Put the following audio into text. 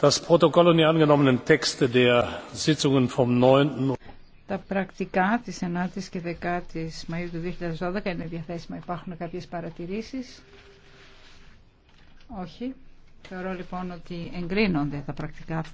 Das Protokoll und die angenommenen Texte der Sitzungen vom 9. Τα πρακτικά της 9ης και 10ης Μαΐου του 2012 είναι διαθέσιμα. Υπάρχουν κάποιες παρατηρήσεις. Όχι. Θεωρώ λοιπόν ότι εγκρίνονται τα πρακτικά